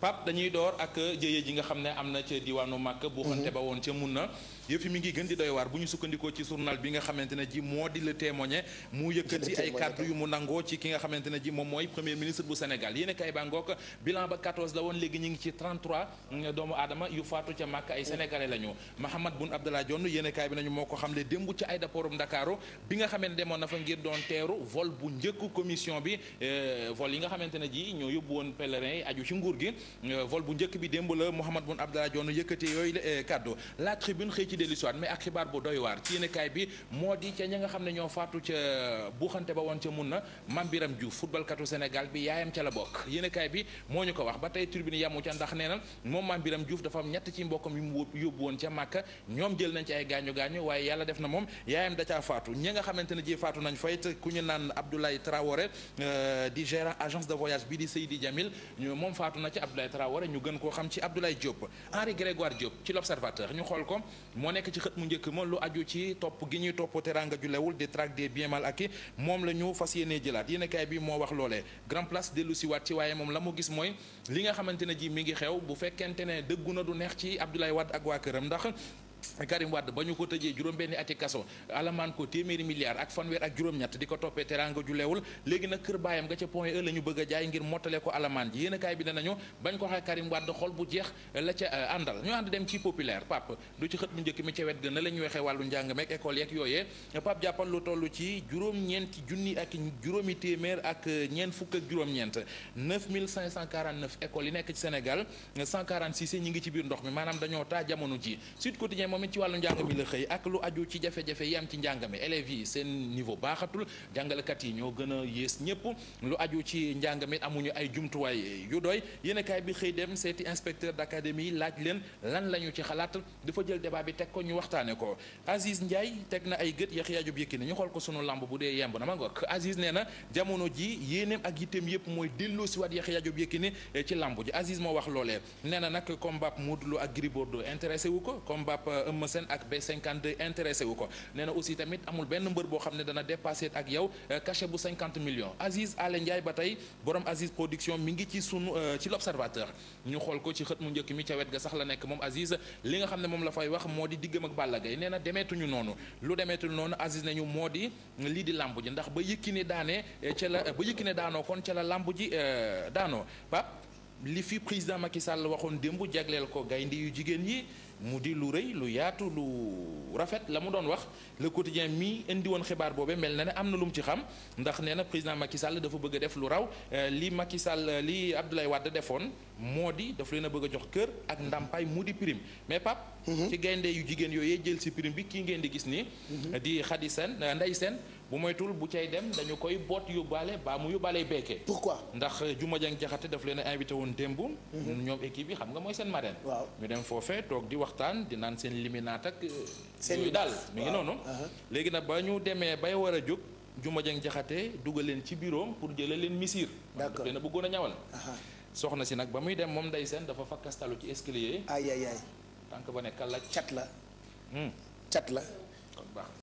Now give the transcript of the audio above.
Pape dañuy door ak jëye ji nga xam ne am na ca diwaanu Màkk bu mhm. xante ba woon ca mun na yëf yi mi ngi gën di doy waar bu ñu sukkandikoo ci journal bi nga xamante ji moo di le témoigner mu yëkkati ay kàddu yu mu nangoo ci ki nga xamante ji moom mooy premier ministre bu Sénégal yéen a kay ba ngook bilan ba 14 la woon léegi ñu ngi ci 33 mm, doomu aadama yu faatu ca màkk ay sénégalais la ñu Mahamad Abdallah Dionne yéen a kaay bi nañu moo ko xamle démb ci aéroportu Ndakaaru bi nga xamante demoon na fa euh, ne ji ñoo yóbbu woon pèlerin yi aju ci nguur gi euh, bu njëkk bi démb la Mahamad Boun Abdallah Dionne yëkkati yooyu euh, kàddu dellusiwaat mais ak xibaar bu doy waar ci yéenekaay bi moo di ca ña nga xam ne ñoo faatu ca buuxante ba woon ca mun na Mame Biram Diouf footballkatu Sénégal bi yaayam ca la bokk yéenekaay bi moo ñu ko wax ba tey tribune yamu ca ndax nee na moom Mame Biram Diouf dafa am ñett ci mbokkam yu mu yóbbu woon ca Màkka ñoom jël nañ ci ay gaañu gaañu waaye yàlla def na moom yaayam da caa faatu ñi nga xamante ne ji faatu nañ fay te ku ñu naan Abdoulaye Traoré euh, di gérant agence de voyage bi di Seydi Jamil moom faatu na ci Abdoulaye Traoré ñu gën koo xam ci Abdoulaye Diop Henri Grégoire Diop ci l'Observateur ñu xool moo nekk ci xët mu njëkk ma lu aju ci topp gi ñuy topp teranga ju lewul des traque des biens ak i moom la ñu fas yéenee jëlaat yéenekaay bi moo wax loole grand place dellu si waat ci waaye moom la mu gis mooy li nga xamante ne jii mi ngi xew bu fekkente ne dëggu na du neex ci Abdoulaye wat ak waa këram ndax Karim Wade ba ñu ko tëjee juróom-benni ati kaso alamaan ko téeméeri milliards ak fanweer ak juróom-ñett di ko toppee teraanga ju leewul léegi nag kër baayam nga ca point e la ñu bëgg a jaay ngir mottale ko alamaan ji yéen kaay bi ne nañu bañ ko waxee mu euh, njëkk mi ca wet na la ñu wàllu njàng meeg école yeeg yooyee Pape jàppal lu toll ci juróom-ñeenti junni ak juróomi téeméer ak euh, ñeent fukk ak juróom-ñeent 9549 yi nekk ci Sénégal 146 ñi ngi ci biir mi maanaam dañoo taa jamono moom it ci wàllu njàng mi la xëy ak lu aju ci jafe-jafe yi am ci njàng mi élèves yi seen niveau baaxatul jàngalekat yi ñoo gën a yées ñëpp lu aju ci njàng amuñu ay jumtuwaay yu doy yéenekaay bi xëy dem seeti inspecteur d'académie yi laaj leen lan la ñu ci xalaat dafa jël débat bi teg ko ñu waxtaane ko Aziz Ndiaye teg na ay gët Yaxya Jóob Yékini ñu xool ko sunu lamb bu dee yemb na ma ngoog Aziz nee na jamono ji yéeneem ak yitteem yëpp mooy delloosiwaat Yaxya Jóob Yékini eh, ci lamb ji Aziz moo wax loolee nee na nag Lo ak Euh, Eumeu Sène ak B52 intéressé wu ko nee na aussi tamit amul benn mbër boo xam ne dana dépassé ak yow euh, cachet bu million millions Aziz Alé Ndiaye ba tey borom Aziz production mi ngi ci sunu euh, ci l'observateur ñu xool ko ci xët mu njëkk mi ca wet ga sax la nekk moom Aziz li nga xam ne moom la fay wax moo di diggam ak Balla Gaye nee na demeetuñu noonu lu demeetuñu noonu Aziz nañu moo di lii di làmb ji ndax ba Yékini daane ca la ba Yékini daanoo kon ca la làmb ji daanoo Pape li fi président Macky Sall waxoon démb jagleel ko gaynde jigéen yi mu di lu rëy lu yaatu lu rafet la mu doon wax le quotidien mi indi woon xibaar boobee mel na ne am na lu mu ci xam ndax nee na président Macky Sall dafa bëgg def lu raw euh, li Macky Sall li Abdoulaye Wade defoon moo di daf leen a bëgg a jox kër ak ndàmpaay mu di prime mais pap mhm. ci gaynde yu jigéen yooyee jël si prime bi kii ngeen di gis nii mhm. di Khady Sène euh, Ndeye Sène bu moytul bu cay dem dañu koy boot yóbbaale baa mu yóbbaale pour pourquoi ndax euh, Juma Jang Jaxate daf leen invité woon démb mhm. ñoom équipe xam nga mooy seen marraine waxtaan di naan seen liminaat ak. Euh, seen yu daal mi ngi noonu. Uh-huh. léegi nag ba ñu demee bay war a jóg. Juma Jeng Jaxate dugal leen ci biiroom pour jëlee leen misir. d'accord dana bëggoon a ñawal. Uh-huh. soxna si nag ba muy dem moom nday seen dafa fakkastalu ci escalier. ay ay ay. tànk ba ne kàlla cat la. Hmm. cat la.